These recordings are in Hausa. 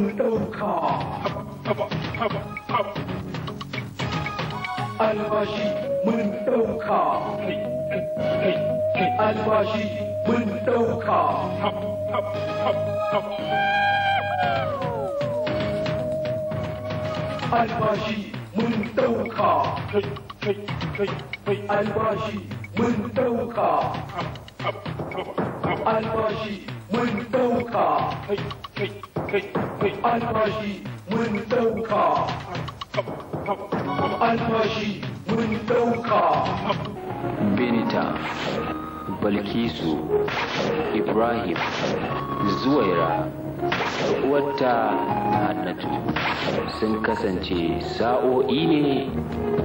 albashi mun ɗauka albashi mun albashi mun ɗauka albashi mun ɗauka mun ɗauka kai balkisu ibrahim zuwaira wata hannatu sun kasance sa'o'i ne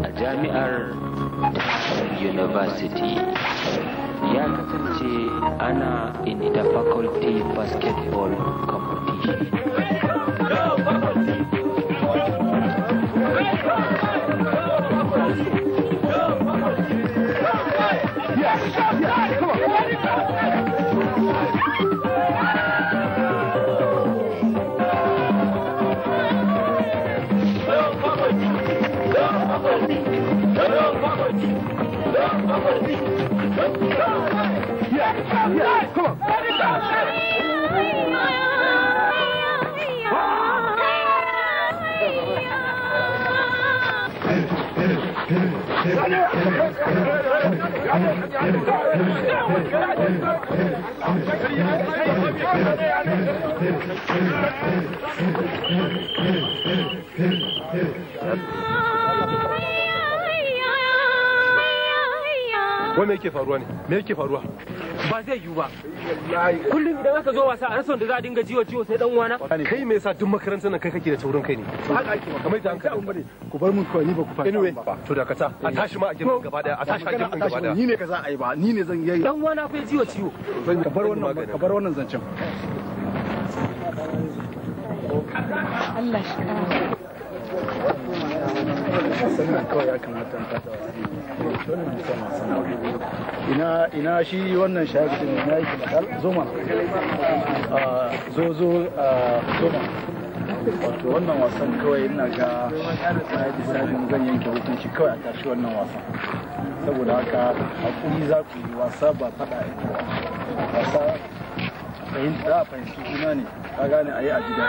a jami'ar university ya kasance ana in the faculty basketball company Hey! Oh, my God. wai me yake faruwa ne me yake faruwa ba zai yiwu ba kullum idan aka zo wasa a rasa da za a dinga jiwo jiwo sai dan uwana kai me yasa duk makarantar nan kai kake da taurin kai ne haka ake kamar da hankali bane ku bar mun kawai ni ba ku fara anyway to da a tashi ma a girman gaba daya a tashi a girman gaba daya ni ne ka za a yi ba ni ne zan yi dan uwana fa jiwo jiwo ka bar wannan ka bar wannan zancen Allah shi ka ina ina shi wannan shahidi ne na yake makal zoma a ah, zozo a ah, zoma wato wannan wasan kawai ina ga na yi misalin zan yanke hukunci kawai a tashi wannan wasan saboda haka hakuri za ku yi wasa ba faɗa ya wasa fahimta a fahimci juna ne ka gane a yi a gida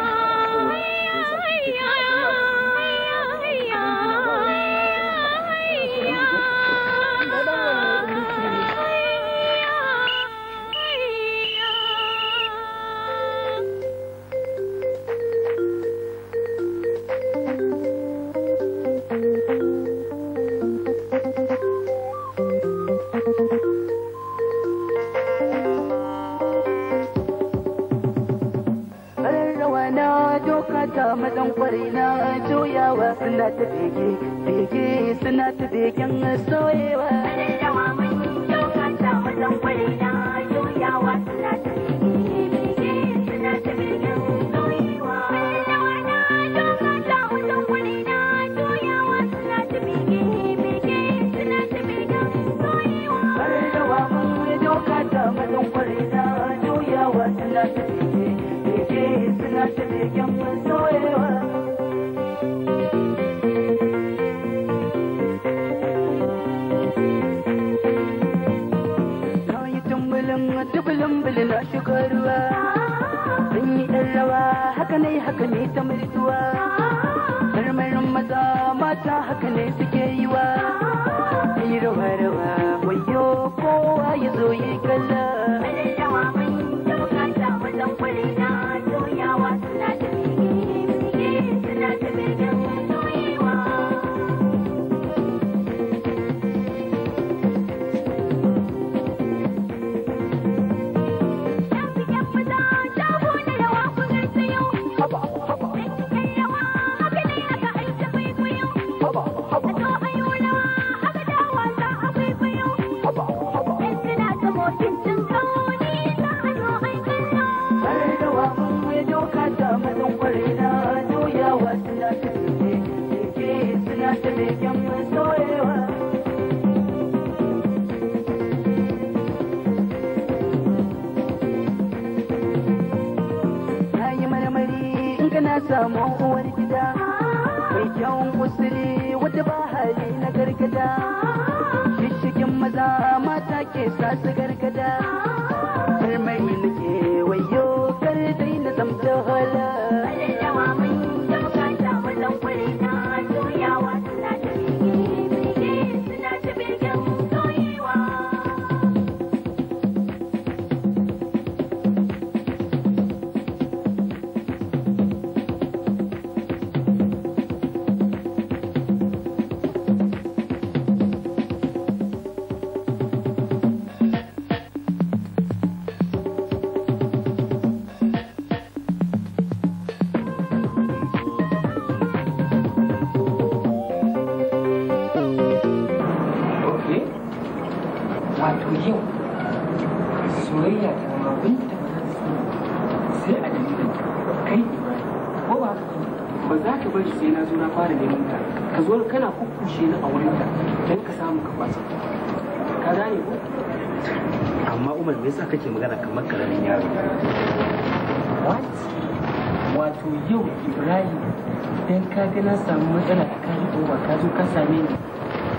ka ga na samu matsala ta kayi over ka zo ka same ni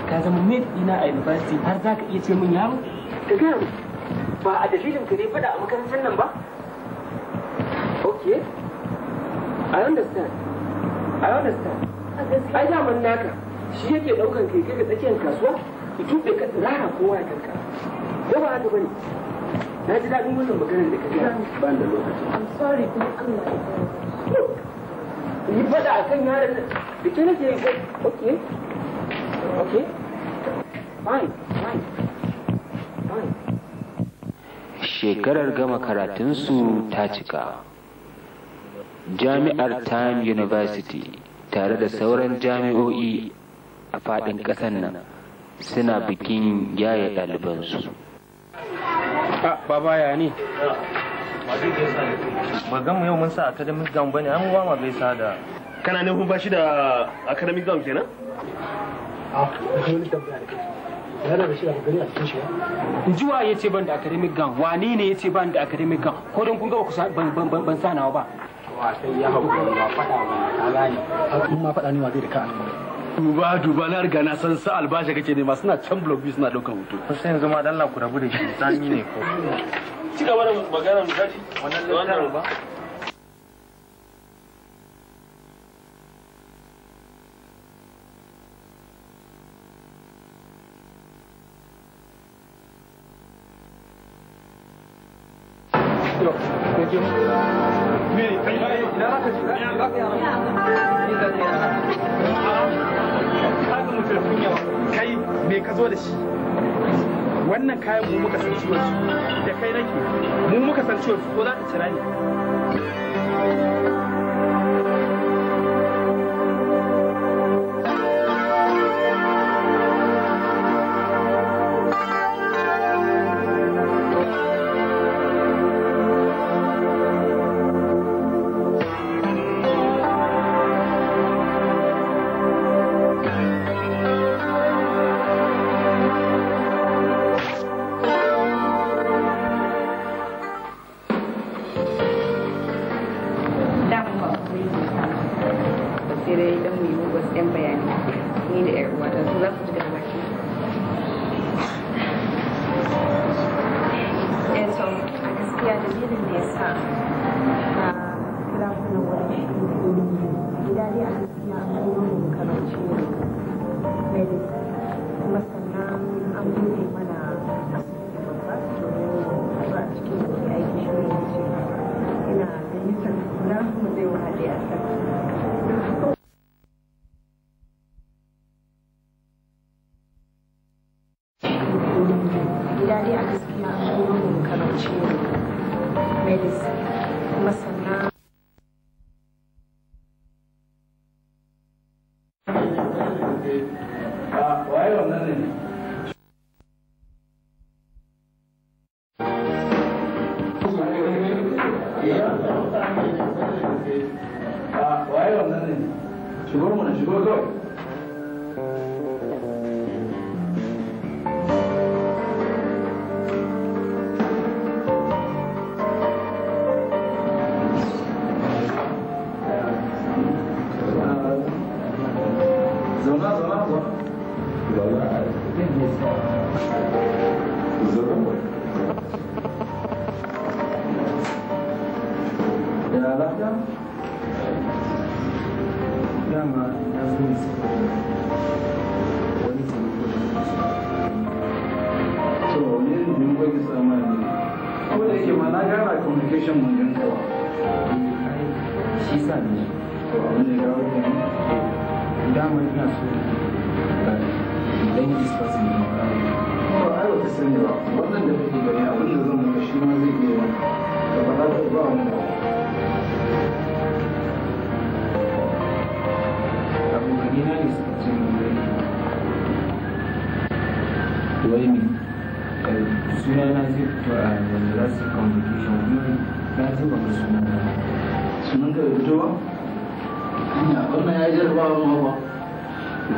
ka zama mate ina a university har za ka iya ce min yaro ba a dalilin ka ne fada a makarantar nan ba okay i understand i understand ai daman naka shi yake daukan kai kai ga tsakiyar kasuwa ki tube ka tsirara kowa ya kanka ko ba haka bane na ji daɗin wannan maganar da ka gaya ban da lokaci i'm sorry kuma Allah ya yi a kan nan da ke nake ok ok fine fine fine shekarar gama karatunsu ta cika jami'ar time university tare da sauran jami'o'i a faɗin ƙasar nan suna bikin yaya ɗalibansu. Ah, baba ya ne? ba gamu yau mun sa academic gown bane an ba bai sa da kana ne hun bashi da academic gown kenan a wani tambaya da kai yana da shi a gari a cikin shi Juwa ya ban da academic gown, wane ne yace ban da academic gown? Ko don kun ga ku ban ban ban sanawa ba. Wa sai ya hawo ba fada ba, ka gane. kuma fada ne wa zai da ka annabi. duba duba na riga na san sa albashi kake nema suna can blog biyu suna daukan hoto kusa yanzu ma Allah ku rabu da shi sami ne ko ci gaba da magana mu tafi. wannan lantarki ba Miri, kai ba su yawa kai me ka zo da shi wannan kayan mu muka san ciwon shi da kai nake mu muka san ciwon ko za ta cira ne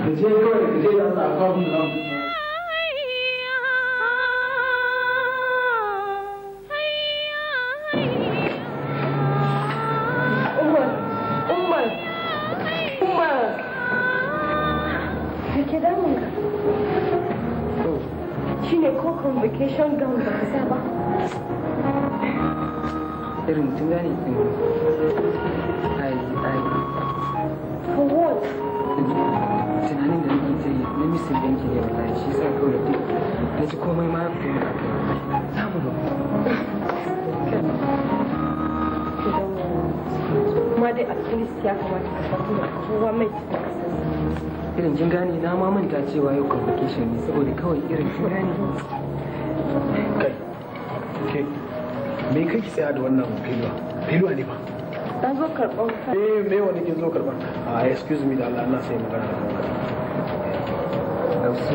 ka ka je da Allah ka kawo mu convocation gown yanzu komai ma ya fita samu kuma dai a least ya kamata ka san kuma kowa mai irin kin gane na ma manta cewa yau convocation ne saboda kawai irin kin gane kai ke me kai ki tsaya da wannan filwa filwa ne ba dan zo karɓar ka eh me wani kin zo karɓar a ah, excuse me da Allah na sai magana da kanka dan su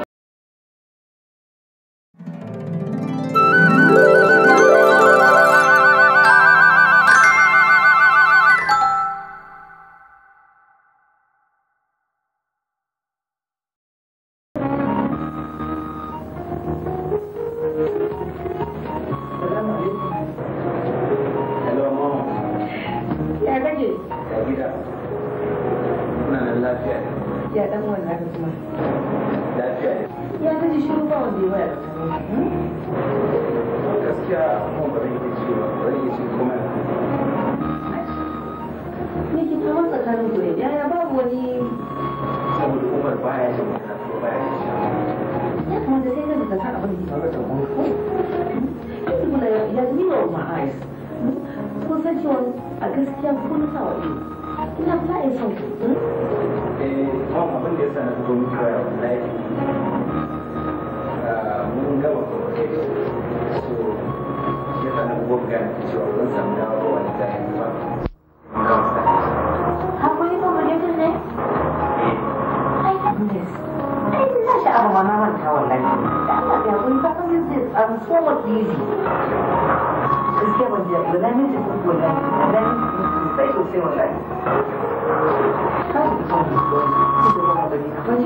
ya gida muna nan lafiya ya dan wani kuma lafiya ya ta shiru ba wanda ya waya da kuma gaskiya kuma ba zai iya cewa ba zai iya ce kuma ne ki kama tsakanin ku ne yaya babu wani saboda umar baya jin karatu baya ya kamata sai ka abin da ya kamata ko kuma ya san cewa a gaskiya ko na sa ido ina ba in son ku eh da yasa na wallahi ah, mun ga ba ko so na ga cewa san da ba wani da ba ko ne ai ai sha'awa na wallahi da ya this I'm so easy dire le c'est pour c'est pour c'est Ça, pour C'est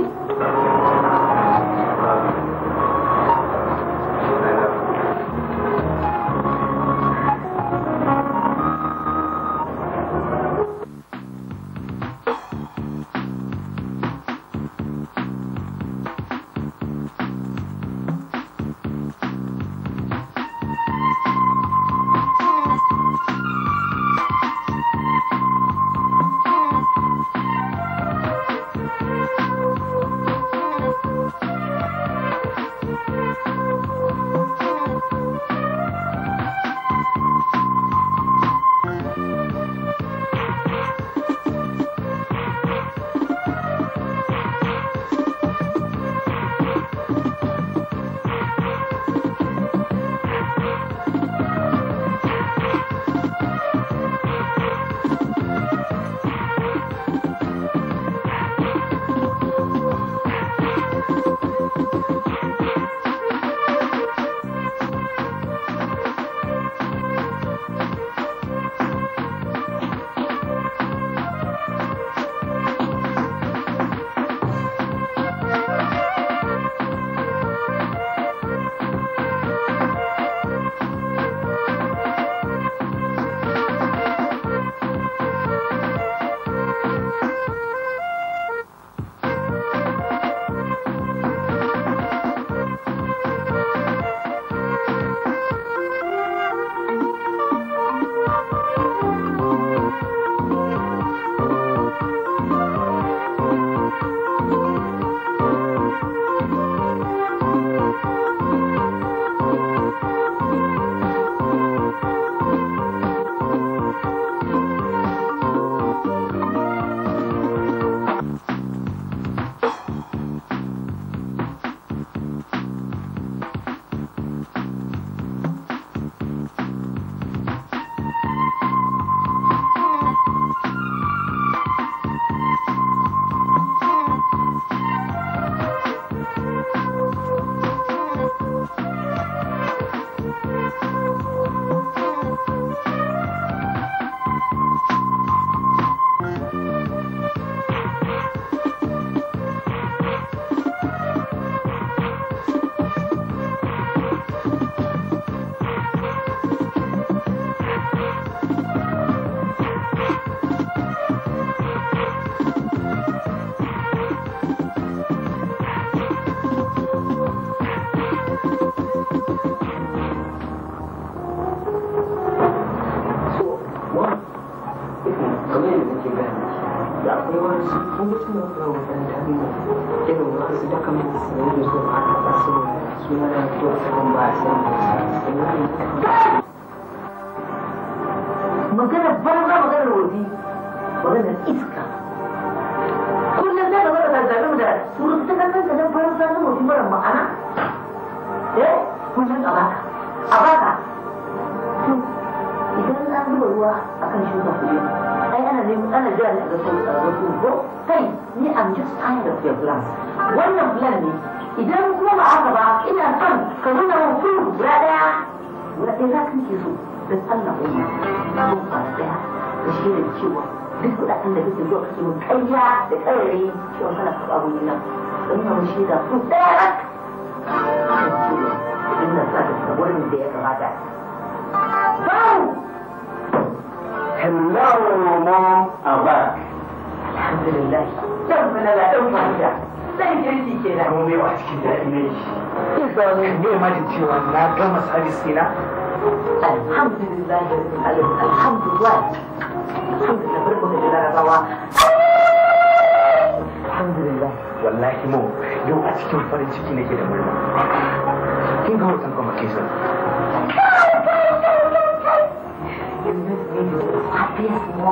I'm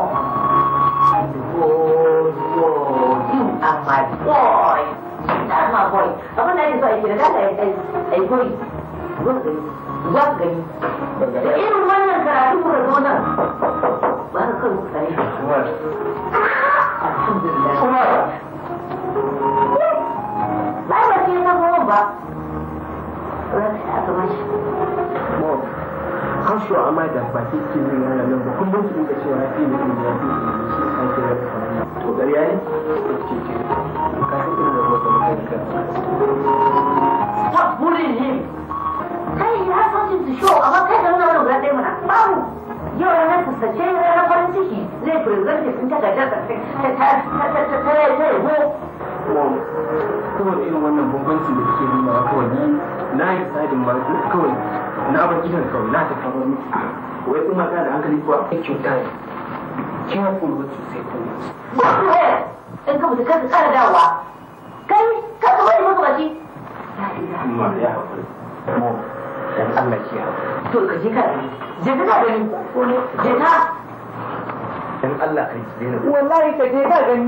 like, boy, that's my boy. Apa tadi soal itu? Dah saya, saya, saya boy, boy, boy. Ini mana kerana pura dona. Baru kau mukanya. Alhamdulillah. Umar. Baik, baik kita mau apa? Rasa apa macam? har a ma da baki ke yin yana nan ba kullum su da cewa fi ne da ya fi ne shi a ke yin to gari yi ko ce ce ka san irin da wata mutunka what bullying him kai ya san shi show amma kai da wannan rubuta dai mana babu yau ranar sassace ranar farin ciki zai present sun a gajar da ta ta ta ta ta ta wannan bambancin da kike nuna kawai na yi tsadin ma kawai na bar gidan kawai na ta kama miki wai kuma ta da hankali kuwa kai kyauta ne kin hakuri wace sai kuma in ka mutu kanka kara dawowa kai ka ka bari maka baki amma ya hakuri Mo, dan Allah ki ya to ka je ka gani. je ka gani Ko je ka dan Allah kai ki daina wallahi ka je ka gani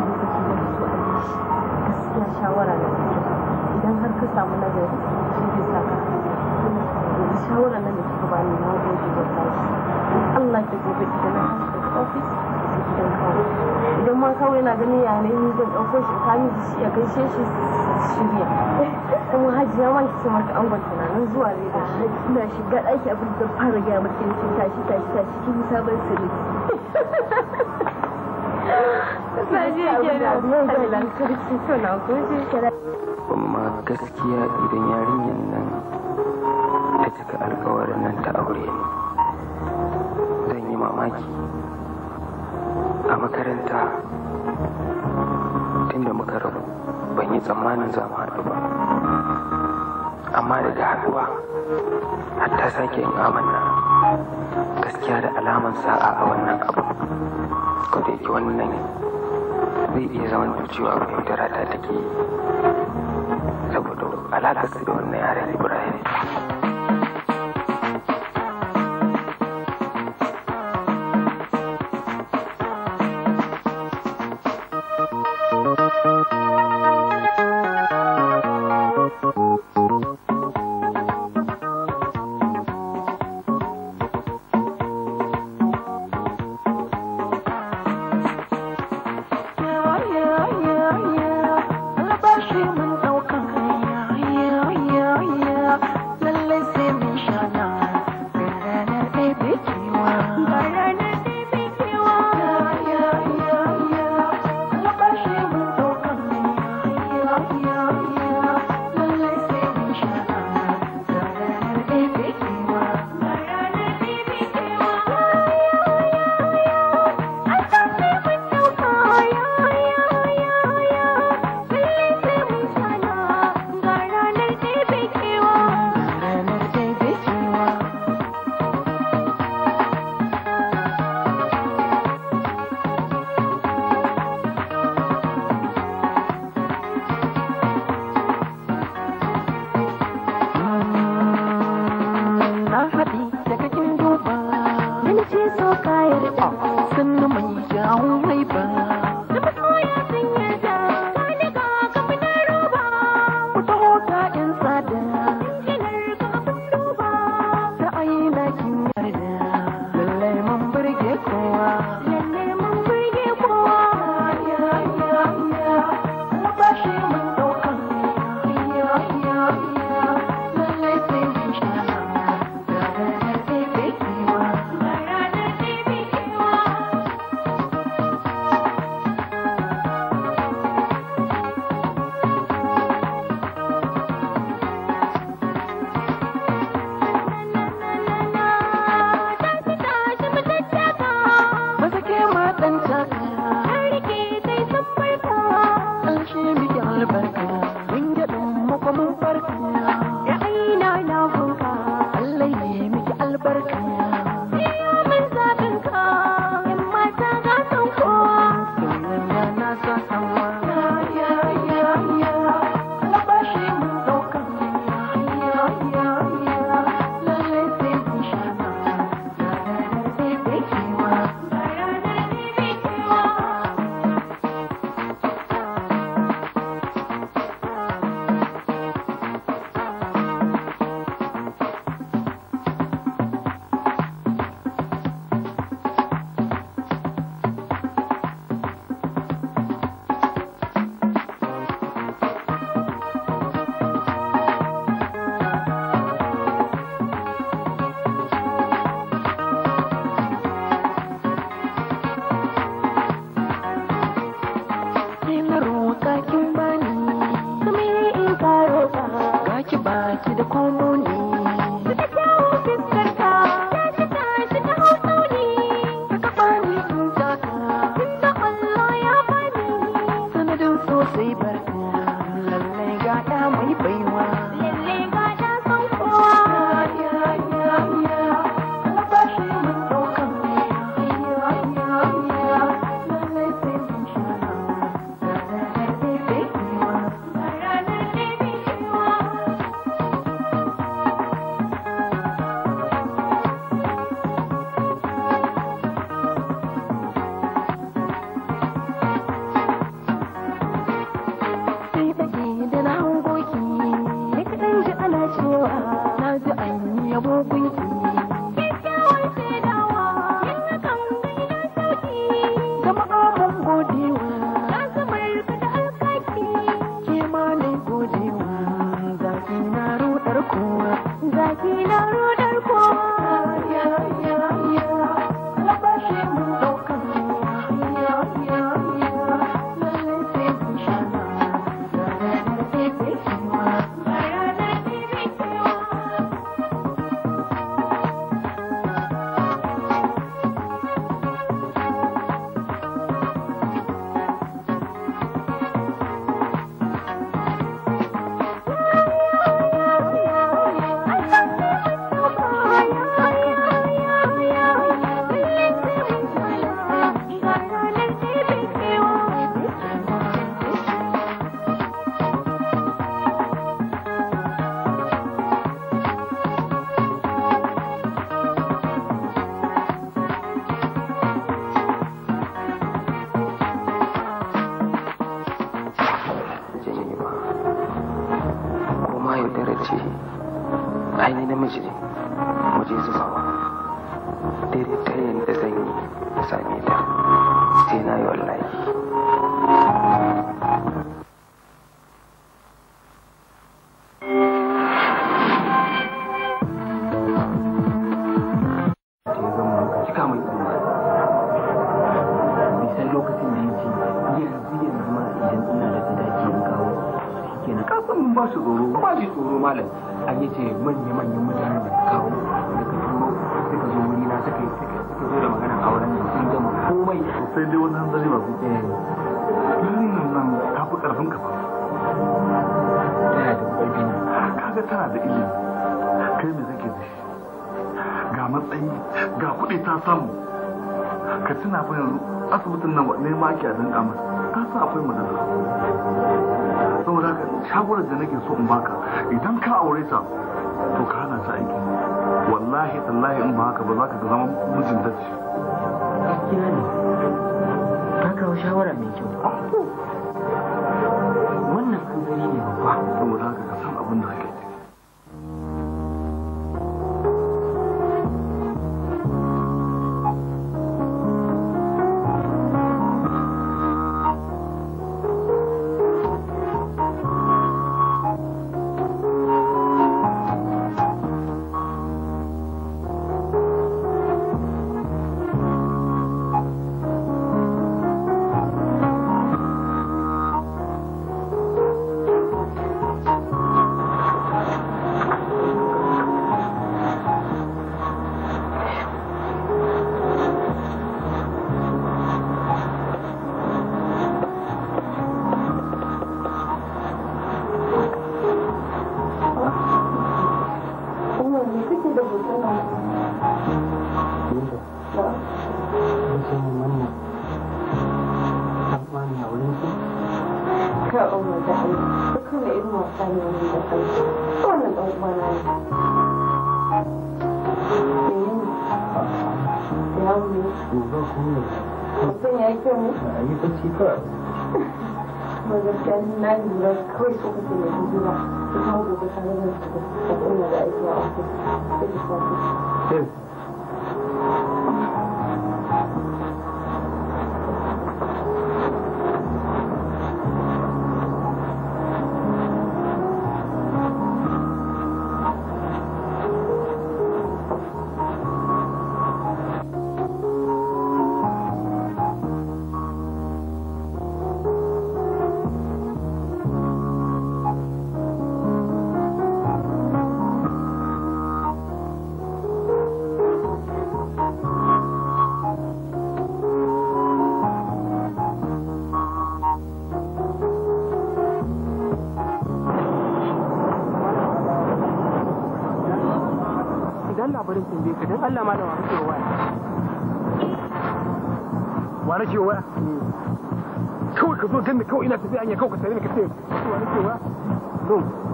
gaskiya shawara da idan har ka samu nagari shi zai sa ka yanzu shawara nan da kika bani na gode da tashi Allah ke gobe idan na tashi daga ofis gidan kawo idan ma kawo yana ganin yanayi zan ɗauko shi kami da shi ya kai shi shi shirya kuma hajiya ma ki an da na nan zuwa ne da shi na shiga ɗaki abin da fara gaya mata tashi tashi tashi kin sabon sirri Amma gaskiya idan yarinyar nan ta cika alkawarin nan ta aure ne. Zan yi mamaki. A makaranta tunda muka rabu ban yi tsammanin za mu haɗu ba. Amma daga haɗuwa ta sake yin amanna gaskiya da alaman sa'a a wannan abu. Ko da yake wannan zai iya zaman da cewa yaudara rata take saboda alaƙa da wannan yaren ibrahim ga matsayi ga kuɗi ta samu ka tuna fa yanzu asibitin nan ne ma ke adin kamar ka sa akwai magana saboda haka shawarar da nake so in baka idan ka aure ta to ka hana ta aiki wallahi tallahi in ba haka ba za ka zama mijin shi. gaskiya ne ka kawo shawara mai kyau wannan hanzari ne babba saboda haka ka san abin da ake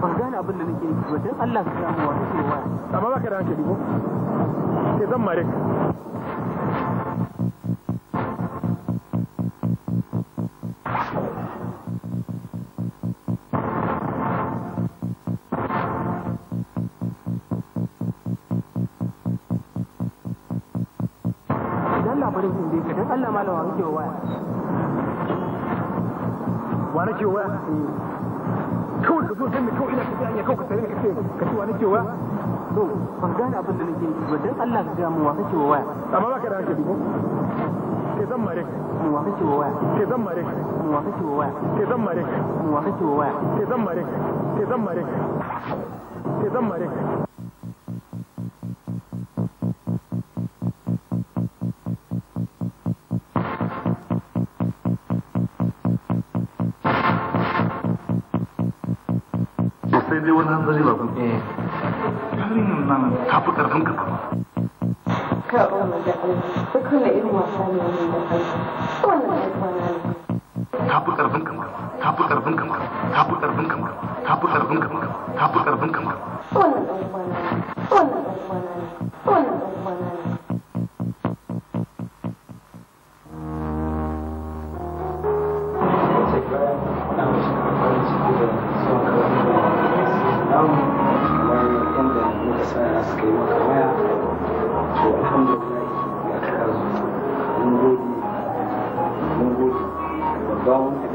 kawai ban gane abin da nake yi ba don Allah ka samu wato cewa amma baka da hankali ko ke zan mare ka fa da Allah ka ga mu wa kake waya amma da hankali ko ke zan mare mu wa kake waya ke zan mare mu wa kake waya ke zan mare mu wa kake waya ke zan mare ke zan mare ke zan mare nan ta fi ƙarfin kama, ta ƙarfin kama, ta ƙarfin kama, ta ƙarfin kama, ta ƙarfin kama. Wannan ɗan ne.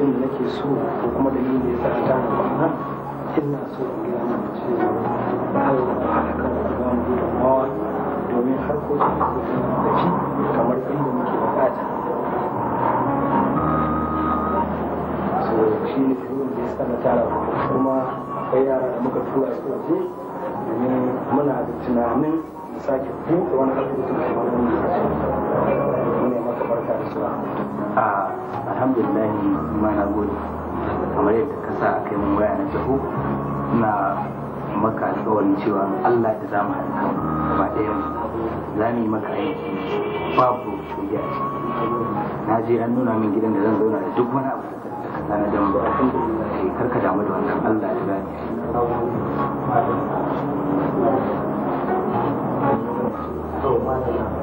abin da nake so ko kuma dalilin da ya sa ta da kwana ina so in gina mana cewa mu gudunmawa domin harkokin da da kamar inda muke bukata. So shi ne dalilin da ya sa na tara kuma akwai yara da muka tura su waje domin muna da tunanin sake buɗe wani asibitin da wani lokaci ne maka barka da zuwa a alhamdulillah ma na gode kamar yadda ka sa kai mun waya na taho na maka alƙawarin cewa Allah da za mu haɗa kan gaba ɗayan za mu yi maka aiki babu shige na je an nuna min gidan da zan zauna da duk wani abu da ka tsana da mu karka damu da wannan Allah da za สูงมากเลย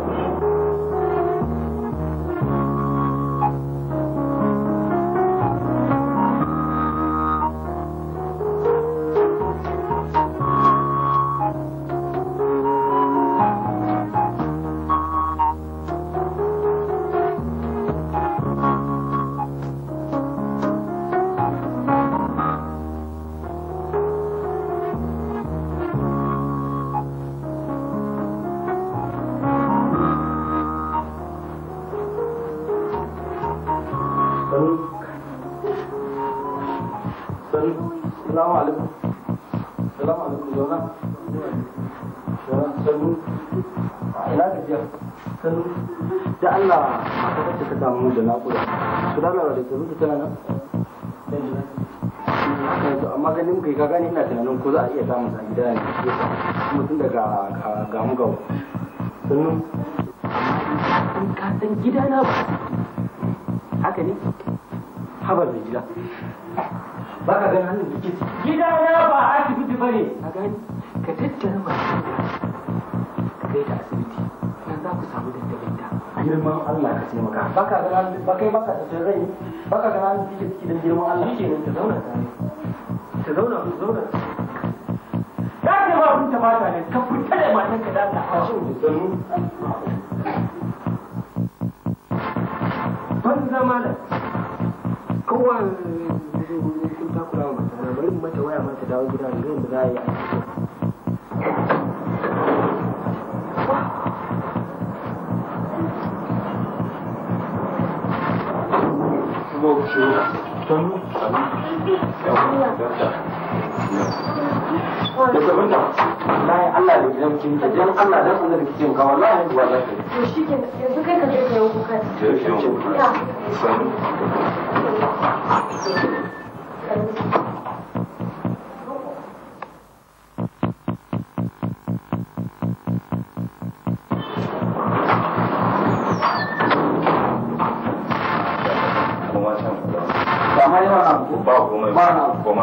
surutu tana nan amma ganin kai ka gane ina tunanin ko za a iya samun a gida ne mutum daga gamu gamu sannan in ka san gida na ba haka ne habar da gida ba ka ganin hannun jikin gida na ba asibiti ba ne a gani ka tattara masu gida ka kai ta asibiti nan za ku samu dandalin da girman Allah ka taimaka baka ga nan ba kai baka da rai baka ga nan cikin cikin girman Allah shi ne ta zauna ta zauna ta zauna da ke ba mun ta mata ne ka fita da matan ka da ta kashin da tsanu ban zama da kowa eh, ne shi ta kula mata na bari mata waya mata dawo gida ne da za a yi a cikin da sabon da layi Allah da gidan kinta dan Allah dan da kike ka wallahi ba za ka to yanzu kai ka je ka da No, palco wannan como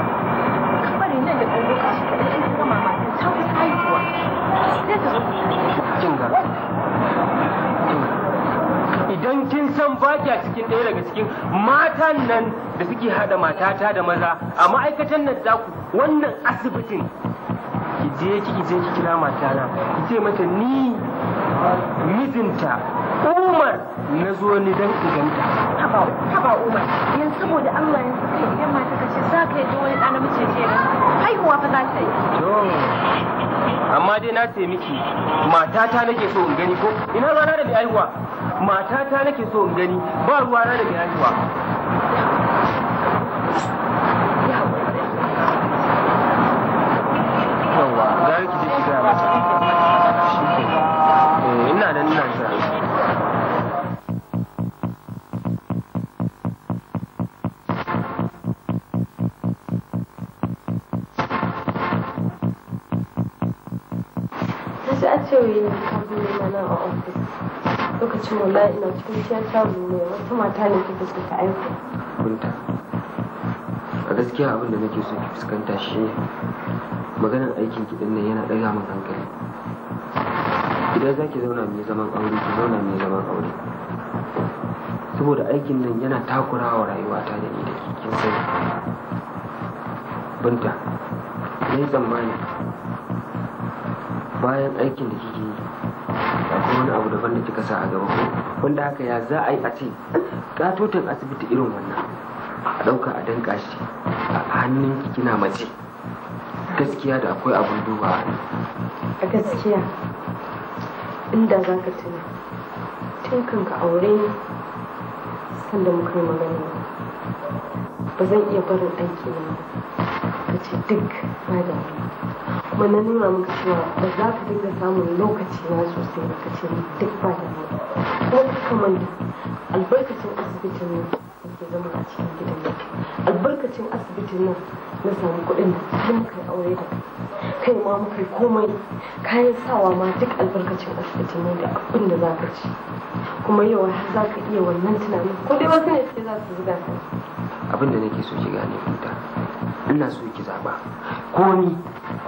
idan kin san bakiya cikin ɗaya daga cikin matan nan da suke haɗa matata da maza a ma'aikatan nan za ku wannan asibitin ki je ki je ki kira matana ki ce mata ni mijinta umar na zo ni dan iganta haba haba umar yanzu saboda Allah yanzu kai idan mata ce, za ka yi wani ɗan namiji ce haihuwa fa za ta yi amma dai na ce miki matata nake so in gani ko ina rana da mai aihuwa matata nake so in gani ba ruwa na da mai aihuwa wallahi ina cikin ciyar ne wata mata ne take so ta aiko kunta a gaskiya abin da nake so ki fuskanta shi ne. maganar aikin ki nan yana ɗaga min hankali idan za ki zauna mai zaman aure ki zauna mai zaman aure saboda aikin nan yana takurawa rayuwata da ni da ke kin sani binta na tsammani bayan aikin da kike yi akwai wani abu abin da kika sa a gaba wanda haka ya za a yi a ce katotin asibiti irin wannan a ɗauka a danka shi a hannun kina mace gaskiya da akwai abin duba a a gaskiya inda za ka tuna tun kan ka aure sanda muka yi magana ba zan iya barin aiki na ba ce duk ba da kuma na nuna maka cewa ba za ka dinga samun lokaci na sosai ba kace duk ba da mu ko ka manta albarkacin asibitin nan ke zama a cikin gidan nan albarkacin asibitin nan na samu kuɗin da har muka yi aure da kai ma muka yi komai kayan sawa ma duk albarkacin asibitin nan da abin da za ka ci kuma yau har za ka iya wannan tunanin ko dai wasu ne sai za su zuga ka abin da nake so ki gane ina so ki zaba ko ni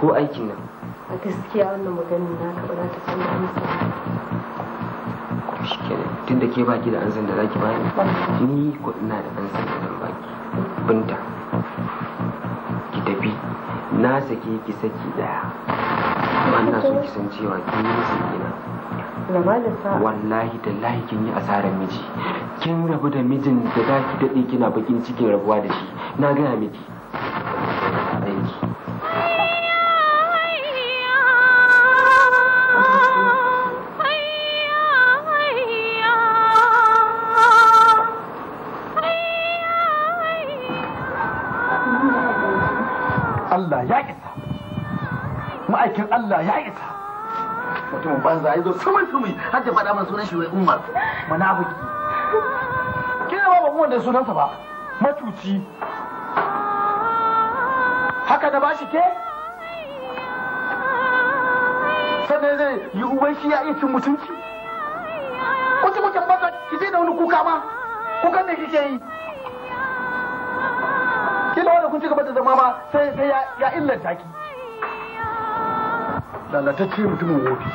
ko aikin nan. a gaskiya wannan maganin na ka ba za ta canza ko shi kenan tun da ke baki da an da zaki bayani ni ko ina da an da zan baki binta ki tafi na sake ki saki daya wannan so ki san cewa kin yi saki na wallahi tallahi kin yi asarar miji kin rabu da mijin da zaki daɗe kina bakin cikin rabuwa da shi na gaya miki Allah ya isa mutumin banza ya zo saman sumi har da faɗa mana sunan shi wai umar munafiki ke ba ba wanda da sunansa ba matuci haka da bashi ke sannan zai yi uban shi ya yi cin mutunci wata mutum banza ki je da wani kuka ma kukan da kike yi ba wanda kun ci gaba da zama ma sai ya illanta ki lalatacce mutumin wofi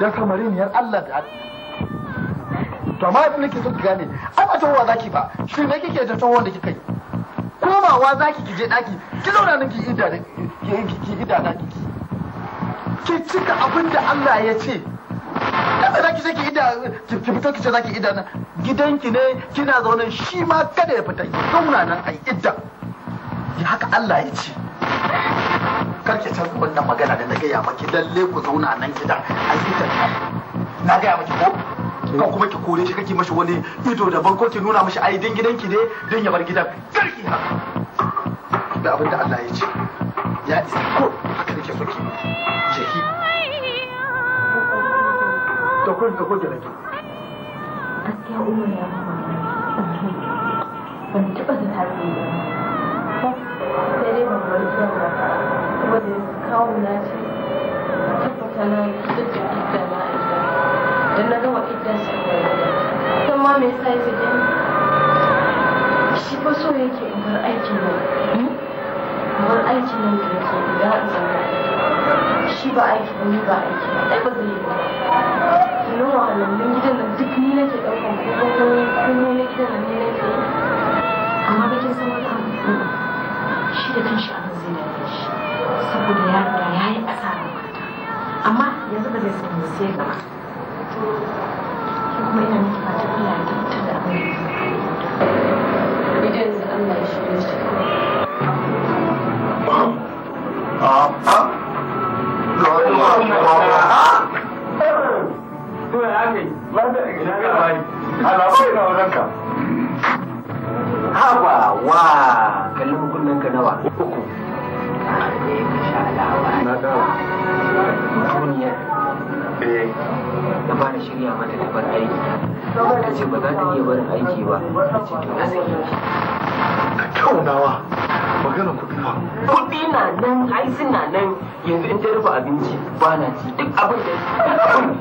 ya samari niyar Allah da to amma abin nake ke so ki gane ai ba tawowa zaki ba shi ne kike ta tawon da kika yi komawa zaki ki je daki ki zauna nan ki ida ki daki ki cika abin da Allah ya ce kada zaki sai ki ida ki fito ki ce zaki ida nan gidanki ne kina zaune shi ma kada ya fita ki zauna nan ai Ya haka Allah ya ce karki canza wannan magana da na gaya maki lalle ku zauna nan gidan a yi ta na gaya maki ko ko kuma ki kore shi kake mashi wani ido ban ko ki nuna mashi ai din gidanki ne din ya bar gidan karki haka da abin da Allah ya ce ya isa ko haka nake so ki jahi kun ka kun da gaskiya umar ya ban taɓa da ta ba sai dai ban bar shi ba wanda ya kawo na ce tabbata na duk idda na idda don na idda su ta ma me yasa ya sake shi fa yake in bar aikin nan bar aikin nan da yake da zauna shi ba aiki ba ni ba aiki ai ba zai yi gidan nan duk ni ɗaukan ko ko ne gidan nan sama shi saboda ya riga ya yi ƙasa da mata amma yanzu ba zai sanya sai gaba kuma ina miki fatan Allah ya iya mata ta bar aiki ta ce ba za ta iya barin aiki ba ta ce to na sake ki a taunawa maganar kuɗi fa kuɗi na nan ai suna nan yanzu in ta rufe abinci ba na ci duk abin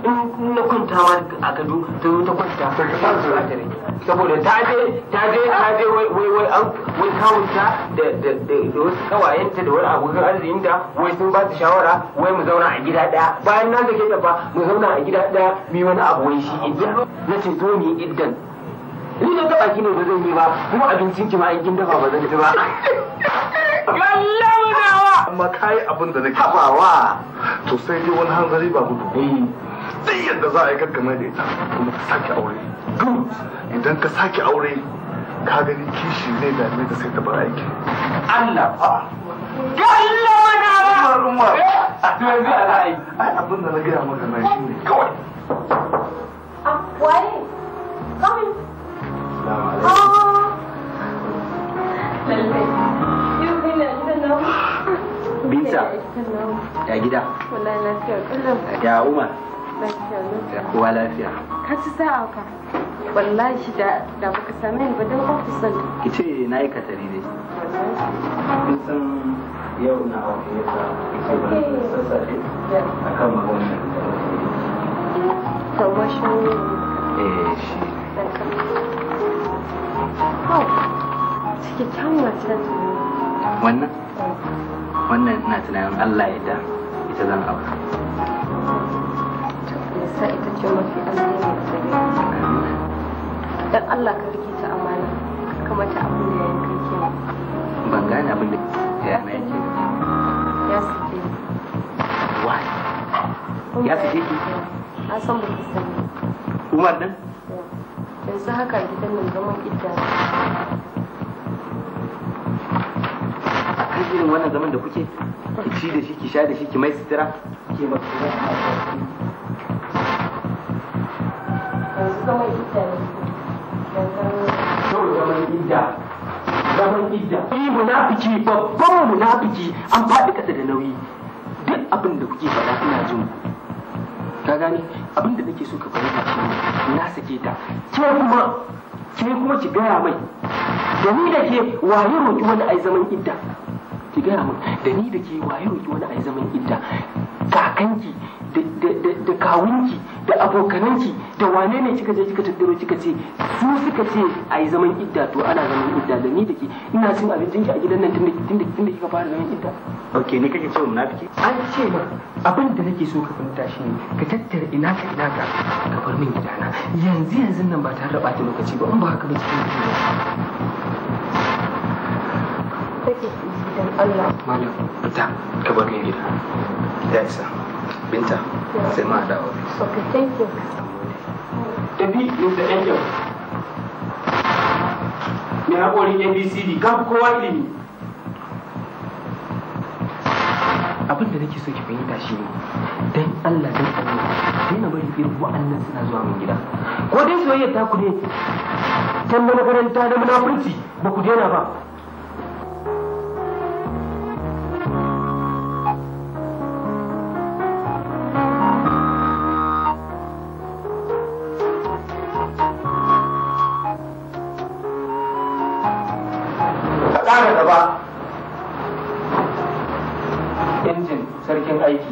da in na kwanta ma a gado ta zo ta kwanta ta ta rai saboda ta je ta je ta je wai wai an wai kawunta da da da wasu kawayenta da wani abokan arzikinta wai sun ba su shawara wai mu zauna a gida daya bayan na zake ta fa mu zauna a gida daya mu yi wani abu wai shi idan na ce to ni iddan ni na taba kine ne ba zan yi ba kuma abincin ki ma an kin dafa ba zan ci ba lallaunawa amma kai abin da nake habawa to sai dai wani hanzari ba gudu Sai eh. yadda za a yi kakkamai da ita kuma ka sake aure yanzu idan ka sake aure ka gani kishi zai dame ka sai ta bara yake Allah fa ga Allah mana ba umar umar to eh? abin da na gaya maka mai shi ne kawai ah, waye kawai ah. Binta, ya gida. Ya Umar. Ya kowa lafiya. Ka ci sa'a ka. Wallahi da da baka same ni ba dan ofis din. Ki ce na yi katari dai. Kin san yau na ofis ne ta ce ba sassafe akan maganar da Tawa eh, shi ne. Eh shi. Oh, cikakken wata Wannan? Wannan ina tunanin Allah ya da ita zan abu. sa ita ce mafi alheri a Allah ka rike ta amana ka mata abin da yayin kai kewa ban gane abin da ya na yake ya sike wa ya sike ki a san ba ki sani Umar din yanzu haka gidan nan zaman idda kan irin wannan zaman da kuke ki ci da shi ki sha da shi ki mai sitira ke mafi zaman idda yau zaman idda zaman idda yi munafiki babban munafiki an faɗi kasa da nauyi duk abin da kuke faɗa ina jin ka gane abin da nake so ka fahimta shi na sake ta ke kuma ke kuma ki gaya mai da ni da ke waye roƙi wani ai zaman idda ki gaya min da ni da ke waye roƙi wani ai zaman idda kakanki da kawunki da abokananki da wane ne kika je kika tattaro kika ce su suka ce a yi zaman idda to ana zaman idda da ni da ke ina cin abincin ki a gidan nan tun da kika fara zaman idda ok ni kake cewa munafiki an ce ma abin da nake so ka fahimta shi ne ka tattara ina ka ina ka ka bar min gidana yanzu yanzu nan ba tare da ta lokaci ba in ba haka ba cikin gidan Allah malam fita ka bar min gida ya isa binta sai ma da ofis Ok, thank you tafi mr angel mai haƙorin abcd ka kowa ilimi abin da nake so ki fahimta shi ne don Allah dan Allah na bari irin wa'annan suna zuwa mun gida ko dai soyayya ta ku ne can na makaranta na munafurci ba ku dena ba ba injin sarkin aiki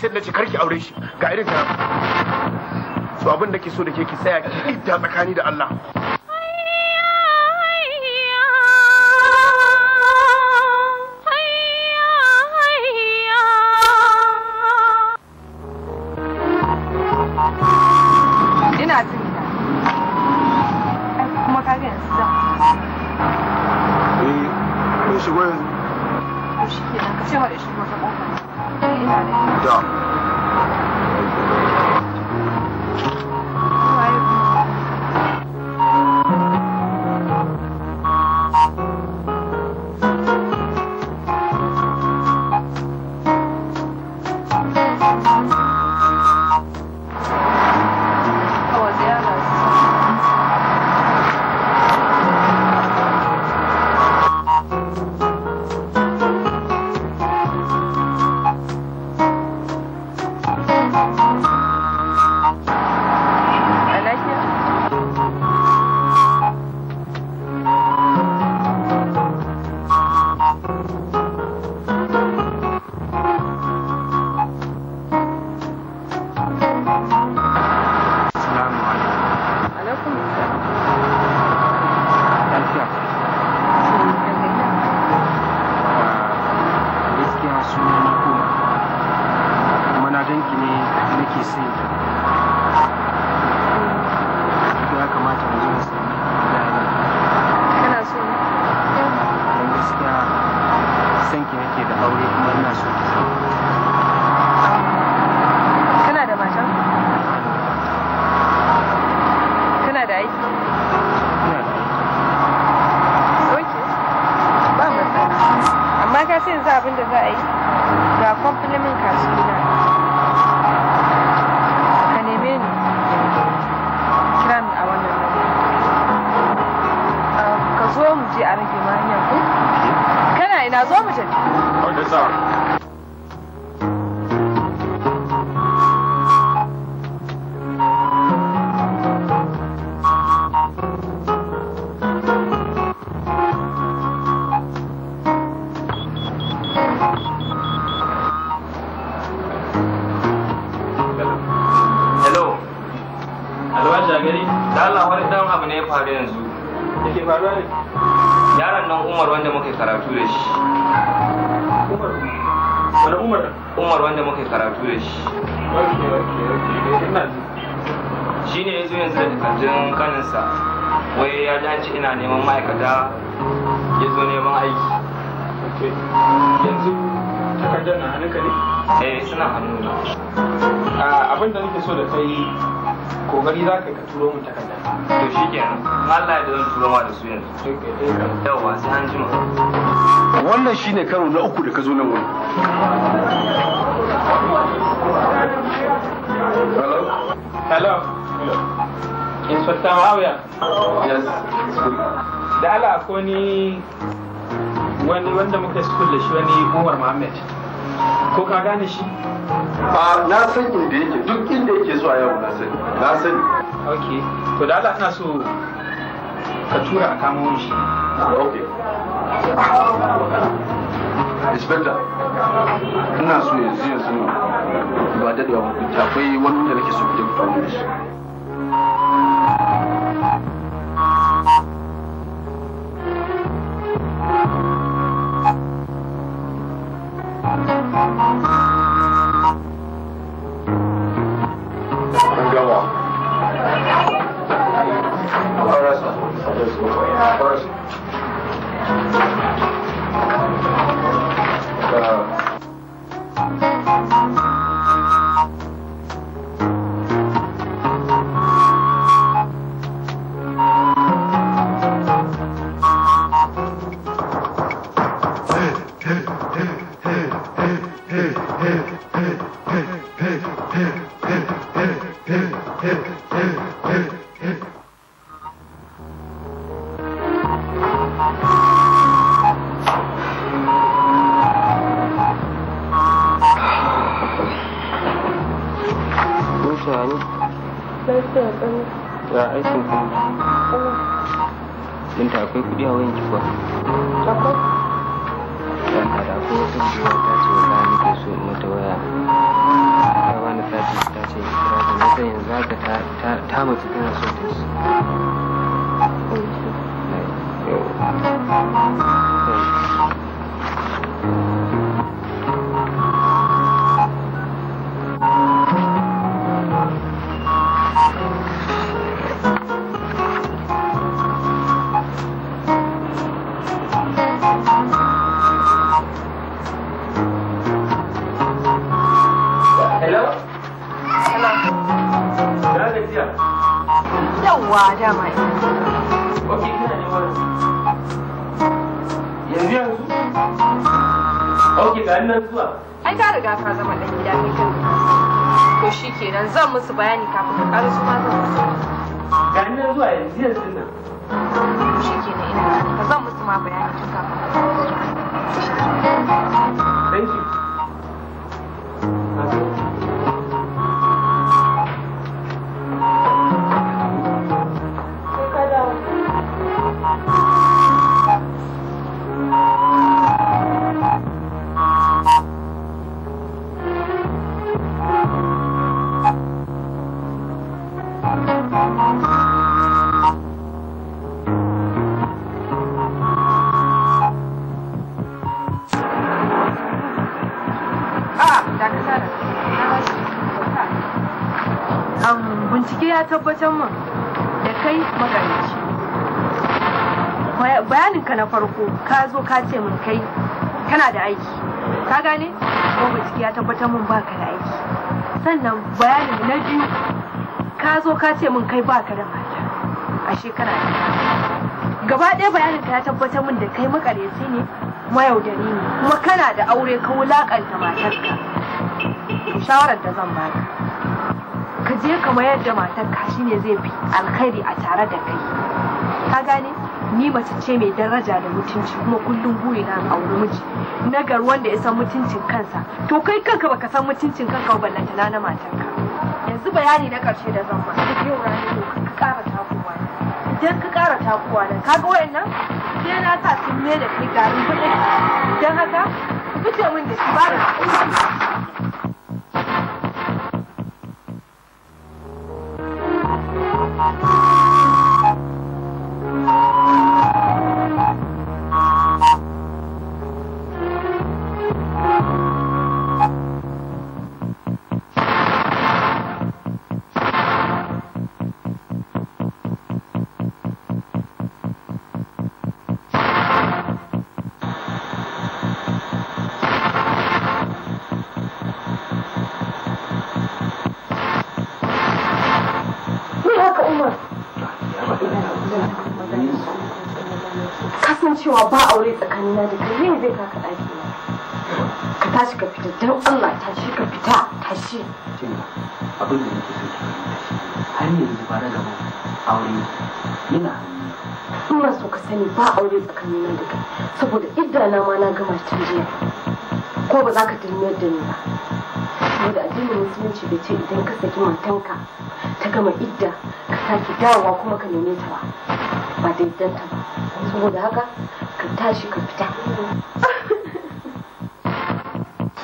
sai na ce karki aure shi ga irin ta su abin da ke so da ke ki tsaya ki idda tsakani da Allah kaninsa da kaninsa wai ya janci ina neman ma'aikata ya zo neman aiki yanzu takardar na hannunka ne? eh suna hannuna ah, abin da nake so da kai kogari za ka turo mu takardar to shi kenan Allah da zan turo ma da su yanzu yawa sai an jima wannan shine karo na uku da ka zo nan Hello? hello hello inspector Muawiya yes da ala ko ni wani wanda muka school da shi wani Umar Muhammad ko ka gane shi ba na san inda yake duk inda yake zuwa yau na sani na sani okay to da ala ina so ka tura a kamo shi Ok. inspector ina so yanzu yanzu ba daɗewa hukunta akwai wani da nake so ku je ku kawo shi yawwa dama yanzu yanzu ok ga nan zuwa ai ka riga ka zama ɗan gida mai kan to shi kenan zan musu bayani kafin ka ƙara su ma zan musu ga nan zuwa yanzu yanzu nan to shi kenan ina ka zan musu ma bayani kafin ka ƙara su thank you tabbatar da kai magariji bayanin ka na farko ka zo ka ce min kai kana da aiki ka gane ko ciki ya tabbatar min baka da aiki sannan bayanin na biyu ka zo ka ce min kai baka da mata ashe kana da gaba ɗaya bayanin ka ya tabbatar min da kai makareci ne mayaudari ne kuma kana da aure ka wulaƙanta matarka shawarar da zan baka ka je ka mayar da matarka shine zai fi alkhairi a tare da kai ka gane ni mace ce mai daraja da mutunci kuma kullum buri na auri miji nagar wanda ya san mutuncin kansa to kai kanka baka san mutuncin kanka ba ballanta na matarka yanzu bayani na karshe da zan ma duk yau ranar ka kara takuwa idan ka kara takuwa nan ga wayannan sai na sa sun me da kai garin kuɗi don haka ku fice min da shi ba da aure ina ina so ka sani ba aure tsakanin na duka saboda idda na ma na gama tun jiya ko ba za ka tarmiyar da ni ba saboda addinin musulunci bai ce idan ka saki matanka ta gama idda ka sake dawowa kuma ka neme ta ba ba da ta ba saboda haka ka tashi ka fita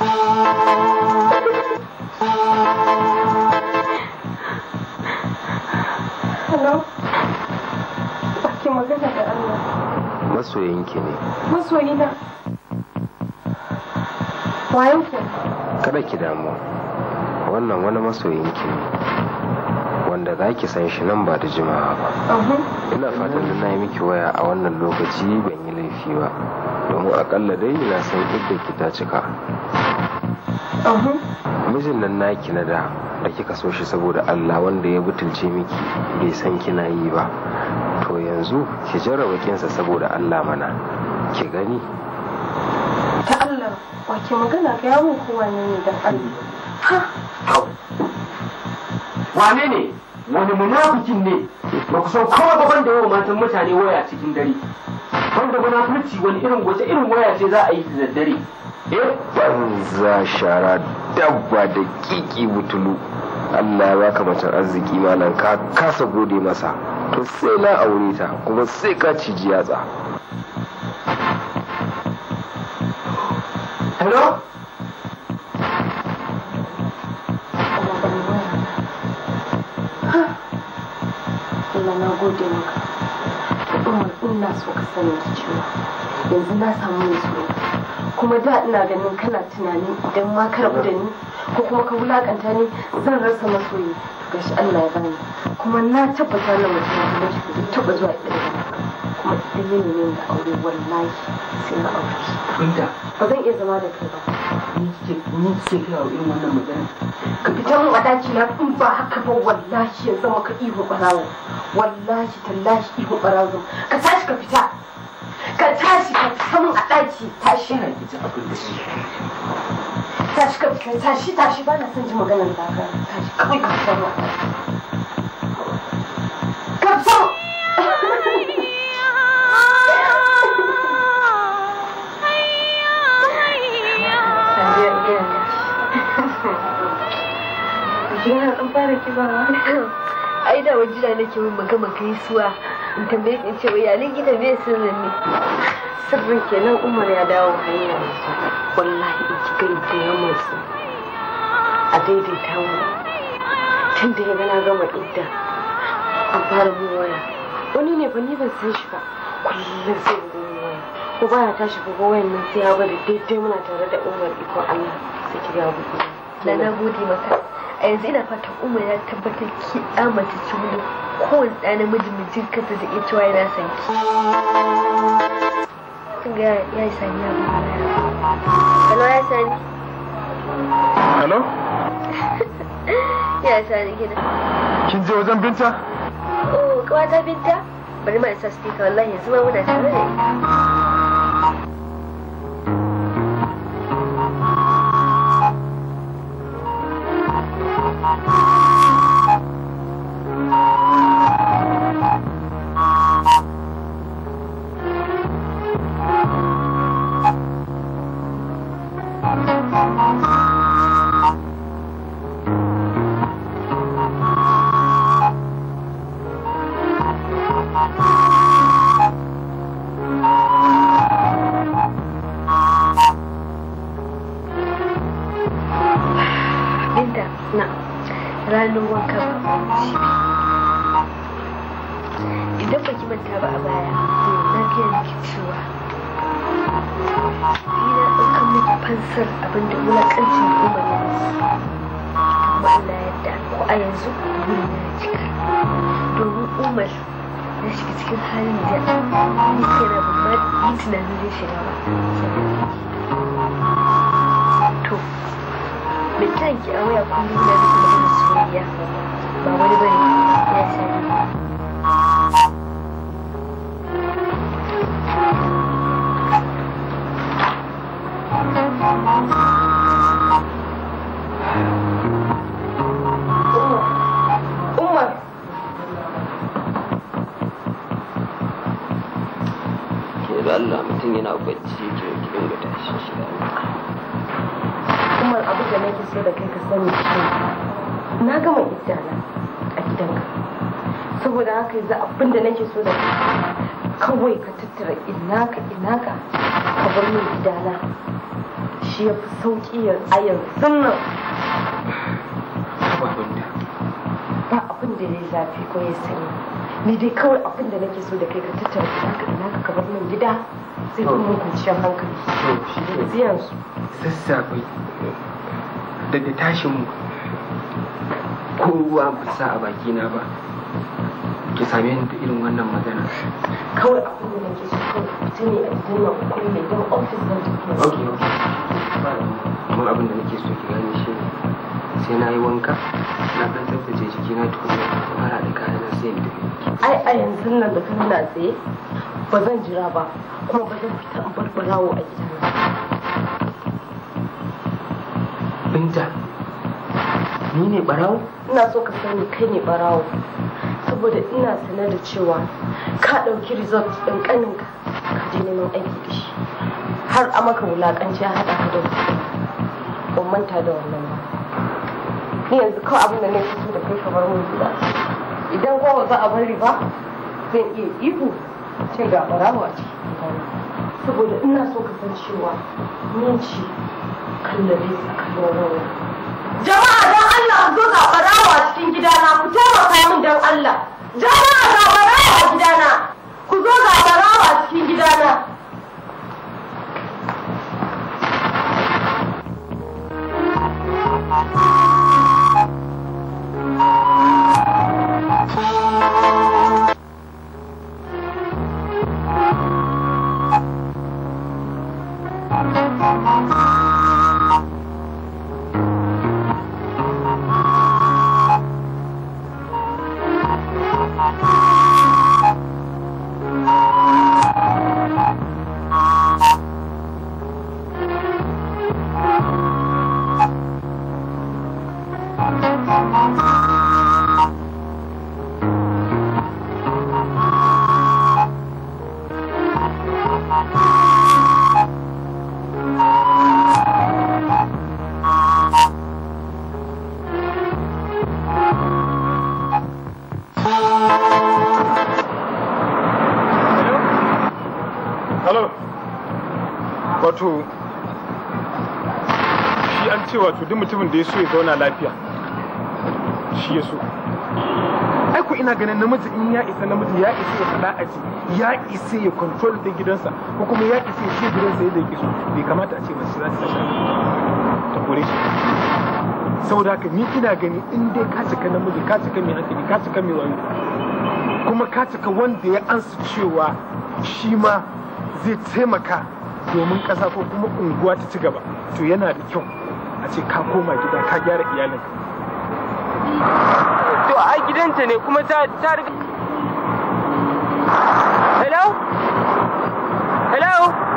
Thank you. masoyinki ne masoyina wayan ku kada ki damu wannan wani masoyinki ne wanda za ki san shi nan ba da jimawa ba ina fatan da na yi miki waya a wannan lokaci ban yi laifi ba domin akalla dai na san inda ki ta cika mijin nan naki na da da kika so shi saboda Allah wanda ya butulce miki bai san kina yi ba to yanzu ki jarraba kinsa saboda Allah mana ki gani ta Allah wa ke magana ga ko wane ne da Allah wane ne wani munafikin ne ba ku san kowa ba banda yawan matan mutane waya cikin dare banda munafurci wani irin wace irin waya ce za a yi da daddare eh banza shara dabba da kiki butulu Allah ya baka macen arziki malam ka kasa gode masa to sai na aure ta kuma sai ka ciji yatsa hello Allah na gode maka umar ina so ka sani da cewa yanzu na samu nutsuwa kuma da ina ganin kana tunanin idan ma ka da ni ko kuma ka wulakanta ni zan rasa masoyi shi Allah ya bani kuma na tabbata na mutum ya zama shi taba zuwa irin kuma idan ya nemi da aure wallahi sai na aure shi ba zan iya zama da kai ba ni ce ga irin wannan magana ka fita mun wadaci na in ba haka ba wallahi ya zama ka ihu barawo wallahi tallahi ihu barawo ka tashi ka fita ka tashi ka fita mun a ɗaki tashi na fita abin da shi tashi ka tashi tashi ba na son ji maganar da ka tashi kawai ka fita ba ka fita Jina an fara kibawa. Ai da wajira nake mun magana kai suwa in tambaye in ce wa iyalin gidan me sirrin ne. sirrin kenan umar ya dawo hanya wallahi in kika yi da yaman su a daidaita mu tun da ya gana gama idda an fara mu waya wani ne ba ni ban san shi ba kullum sai da mu waya ko baya tashi ko ga wayan nan sai ya bada daidai muna tare da umar iko Allah sai ki ga gudu na na gode maka a yanzu ina fatan umar ya tabbatar ki amince ki wani kowane ɗan namiji mijin kansa zai iya cewa yana san ki ya Hello, ya sani. Hello? ya sani gida. Kin je wajen Binta? Oh, ta Binta? Bari ma isa speaker wallahi yanzu ma muna tare a yanzu nan ba abin da ya yi zafi ko ya sani ni dai kawai abin da nake so da kai ka tattara gidanka ina ka kabar min gida sai kuma kwanciyar hankali yanzu yanzu sassafe daga tashin ko ruwa ba sa a bakina ba ki same ni da irin wannan magana kawai abin da nake so sai ne a nan kuɗi ne don ofis na zuciya ok ok amma abin da nake so ki gane shi sai na yi wanka na kan tsaftace jiki na tukuna fara da kayan na sai da ai a yanzu nan da kuma na tsaye ba zan jira ba kuma ba zan fita in barawo a gidana binta ni ne barawo ina so ka sani kai ne barawo saboda ina sanar da cewa ka ɗauki result ɗin ƙaninka ka je neman aiki da shi har a maka wulaƙanci ya haɗa ka da ban manta da wannan ni yanzu kawai abin da na so da kai ka bar mun gida idan kowa za a bari ba zan iya ihu ga gabarawa a ciki saboda ina so ka san cewa mun ci kallabe tsakanin rawa jama'a don Allah ku zo gabarawa cikin gidana ku taimaka min don Allah jama'a gabarawa gidana ku zo ga barawa cikin gidana mutumin da ya so ya zauna lafiya shi ya so ai ku ina ganin namiji in ya isa namiji ya isa ya faɗa a ce ya isa ya control da gidansa ko kuma ya isa ya ce gidansa yadda yake so bai kamata a ce mace za ta sashi ta kore shi saboda haka ni ina gani in dai ka cika namiji ka cika mai hankali ka cika mai wani kuma ka cika wanda ya ansa cewa shi ma zai taimaka domin ƙasa ko kuma unguwa ta ci gaba to yana da kyau a ce ka koma gida ka gyara iyalin to ai gidanta ne kuma ta ta hello hello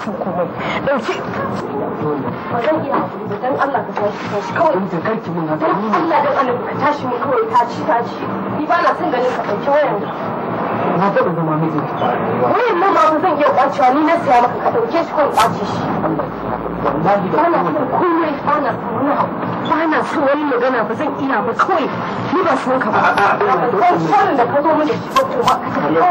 san komai dauki iya dan Allah ka tashi tashi kawai da karki mun dan Allah dan Allah ka tashi mun kawai tashi tashi ni ba na son ganin ka dauki wayan na taɓa zama mijin wayan nan ma zan iya kwacewa ni na saya maka ka dauke shi kawai shi wallahi komai ba na son wani ba na son wani magana ba zan iya ba kawai ni ba son ka ba kawai da ka zo mun da shi ba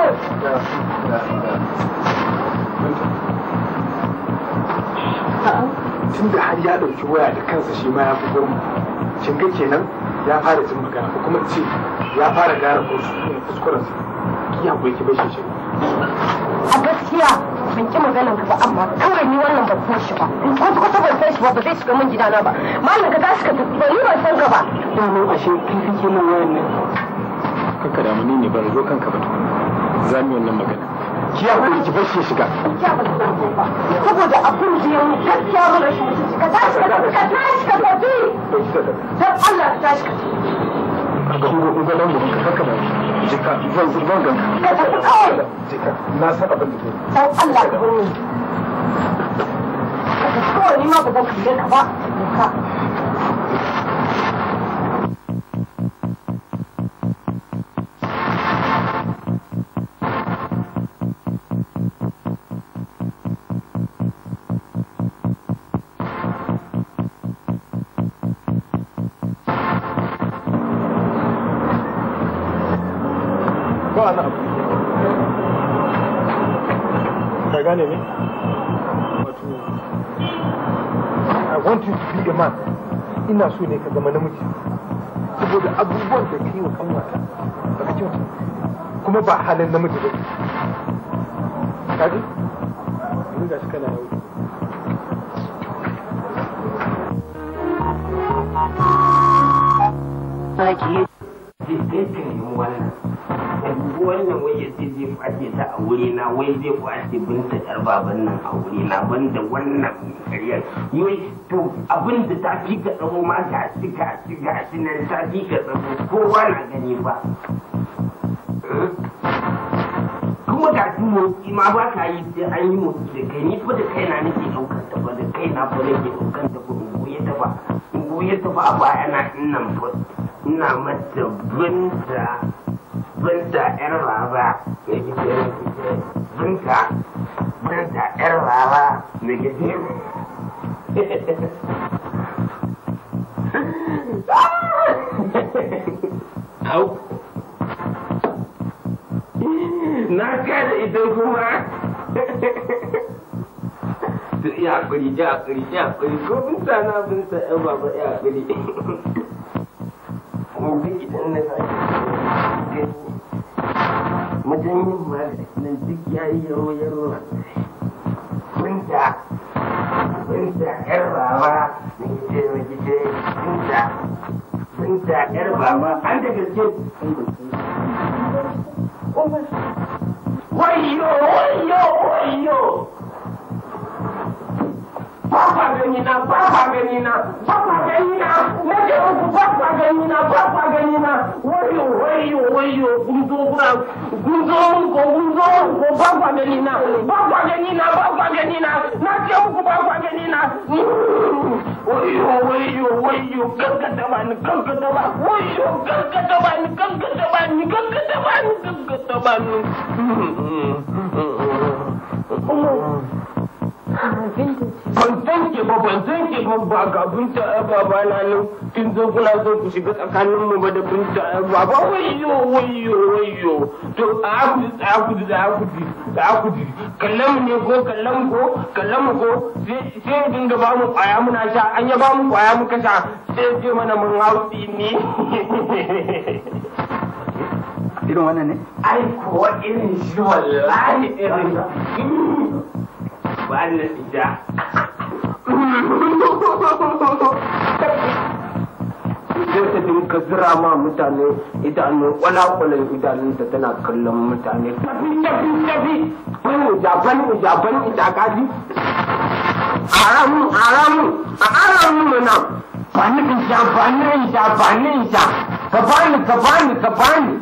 tun da har ya ɗauki waya da kansa shi ma ya fi gurmu shin ga kenan ya fara jin magana ko kuma ce ya fara gara ko kuskurensa ki ko yake bashi shi a gaskiya ban ki maganan ka ba amma kawai ni wannan ban san shi ba ko kwata ban san shi ba ba zai shiga min gidana ba mallan ka gashi ka tafi ba ni ban san ka ba daman ashe kin kake mun wayan nan kada damu ni ne ba zo kanka ba tukuna za wannan magana ki hakuri ki bar shi shiga saboda abin da ya yi gaskiya mu ka tashi ka tafi ka tashi ka tafi dan Allah ka tashi ka Jika, zan zan gan. Ka tafi kawai. Jika, na san abin da ke. Allah ka bari. Ka tafi ni ma ba ka ba. ba halin namiji ba kaji in ga shi kana yau Sake zai kan yi wannan, wannan waje zai zai kwace ta a wuri na wai zai kwace binta yar baban nan a wuri na banda wannan kariyar yai to abin da ta fi ka tsawo ma ga shi ga shi ga shi nan ta fi ka tsawo kowa na gani ba kuma ga shi motsi ma ba ka yi sai an yi motsi da kai ni fa da kai na nake daukar ta ba da kai na fa nake daukar ta ba in goye ta ba in goye ta ba a baya na ina fa ina mata binta binta yar rara raba mai gidan binta binta yar raba mai gidan Au! na kada ita kuma to iya hakuri ji hakuri ji hakuri ko bin sa na bin sa yan baba iya hakuri mu bi na sa ma da nan duk yayi yaro yaro binta binta yar baba binta binta yar baba an da gaske 我们，哎呦，哎呦，哎呦！bakwa ga nyina bakwa ga nyina bakwa ga nyina nake muku bakwa ga nyina bakwa ga nyina wayo wayo wayo gunzo bura gunzo muku gunzo muku bakwa ga nyina bakwa ga nyina bakwa ga nyina nake muku bakwa ga nyina wayo wayo wayo kanka da ban kanka da ban wayo kanka da ban kanka da ban kanka da ban kanka da ban Bintu, hmm, hmm, hmm, ban zanke ba ban zanke ba ba ga binta ai baba na nan kin zo kula zo ku shiga tsakanin mu ba da binta ai baba wayyo wayyo wayyo to a akudi a akudi a akudi a akudi kallon ne ko kallon ko kallon ko sai dinga ba mu kwaya muna sha an ya ba mu kwaya mu sha sai ce mana mun hausi ne irin wannan ne ai kuwa irin shi wallahi irin ba ta dinka zira ma mutane idanun kwalakwalan idanun ta tana kallon mutane tafi tafi tafi ban ujaban ujaban itakaji haramu haramu a haramu mana bani isha bani isha bani isha ka bani ka bani ka bani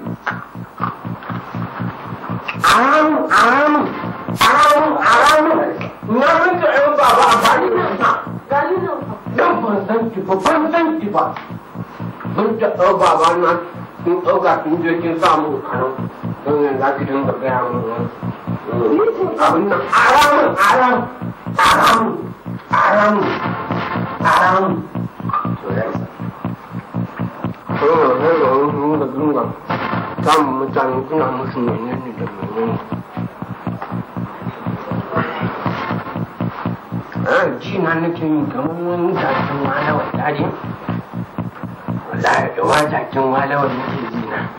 haramu haramu haramun haramun na rinka yan baba amfani da ita dan ban san ki ba ban san ki ba mun ta ɗau ba na in ɗauka kin je kin samu karam don yanzu za ki dinga gaya mun abin nan haramun haramun haramun haramun haramun Hello, hello, hello, hello, hello, hello, hello, hello, hello, hello, hello, hello, hello, ci na nake yi kamar wani jakin walawa daji za wa walawa nake yi na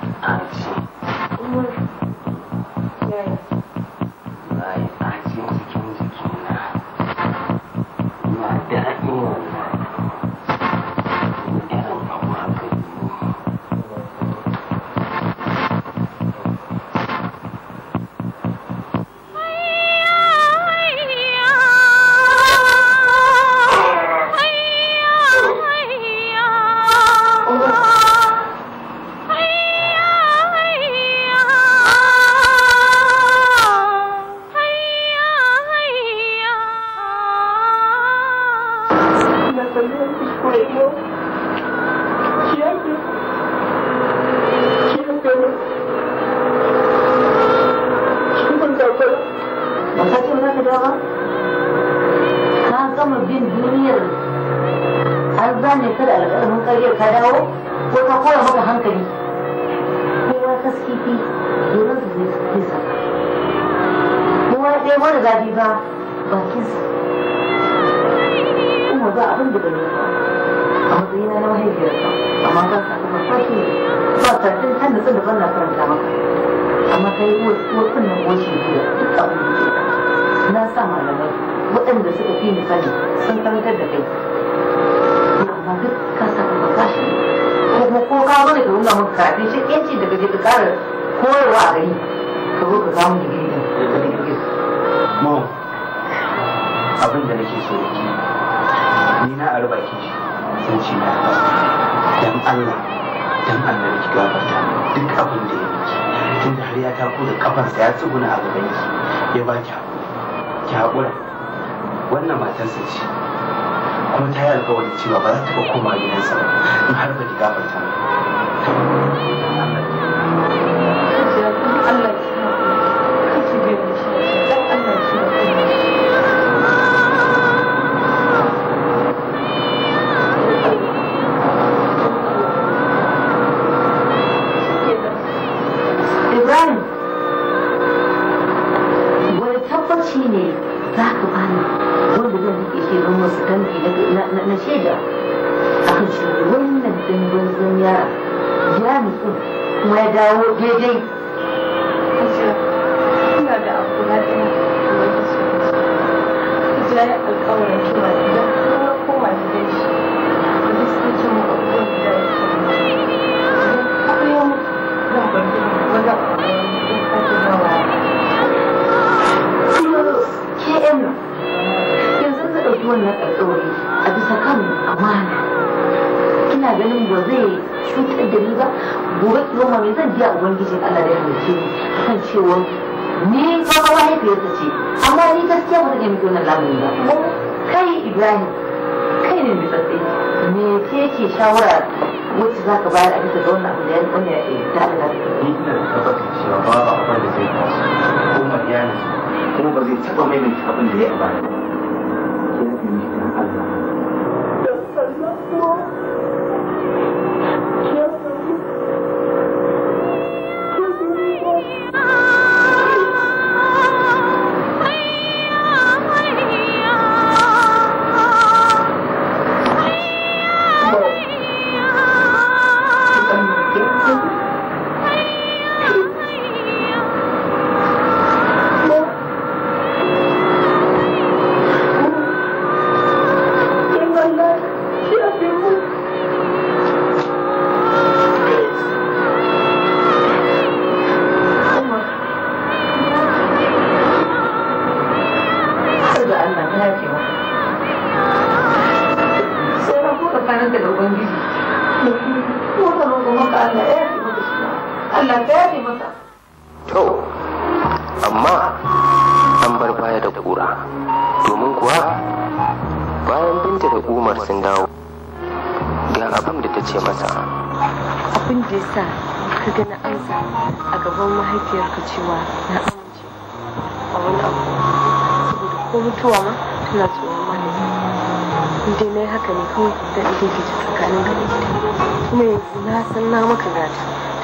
ƙara koyarwa a gari ka zo ka samu digiri da da digiri mom abin da nake so da ke ni na a ruba ki sun zuci na dan Allah dan Allah da ki gafarta duk abin da ya miki da har ya tako da kafansa ya tsuguna a gaban ki ya ba ki haƙuri ki haƙura wannan matarsa ce kuma ta yi alƙawarin cewa ba za ta koma gidansa ba in har ba ki gafarta cewa ni tsohon ta ce amma ni gaskiya ba ta nemi wannan labari ba kai ibrahim kai ne mai tsatsai me ce ce shawara wacce za ka bayar a bisa ga wannan abu da ya wani ya ta da ni ina da cewa abin da zai faru ko kuma ba zai taba maimaita abin da ya ba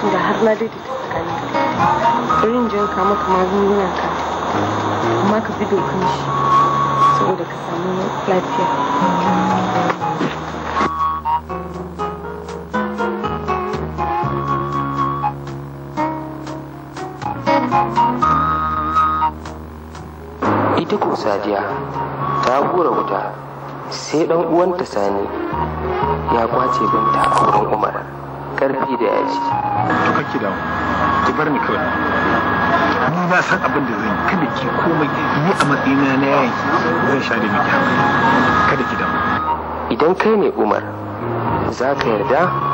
tunda har na daidaita tsakanin bari in jin ka maka magungunan ka amma ka bi dokan shi saboda ka samu lafiya ita ko sadiya ta hura wuta sai dan uwanta sani ya kwace binta a wurin umar karfi da yaji to kake dawo ki bar ni kawai ni ba san abin da zan kada ki komai ni a matsayina na yayin zan share miki kada ki dawo idan kai ne umar za ka yarda